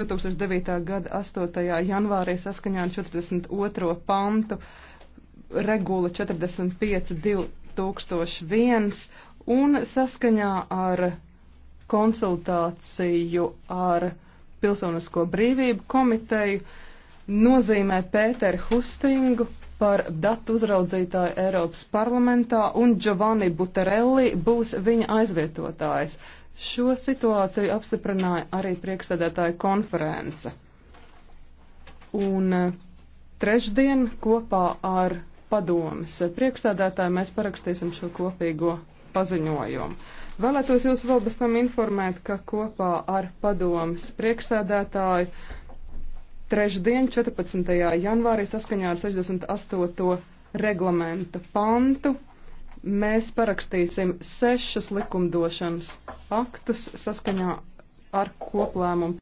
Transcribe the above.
2009. gada 8. janvārī saskaņā ar 42. pantu regula 45.2001 un saskaņā ar konsultāciju ar Pilsonisko brīvību komiteju nozīmē Pēteru Hustingu par datu uzraudzītāju Eiropas parlamentā, un Giovanni Buterelli būs viņa aizvietotājs. Šo situāciju apstiprināja arī priekšsēdētāja konference. Un eh, trešdien kopā ar padomas priekšsēdētāju mēs parakstīsim šo kopīgo paziņojumu. Vēlētos jūs vēl bez tam informēt, ka kopā ar padomas priekšsēdētāju trešdien, 14. janvārī, saskaņā ar 68. reglamenta pantu, mēs parakstīsim sešus likumdošanas aktus saskaņā ar koplēmumu.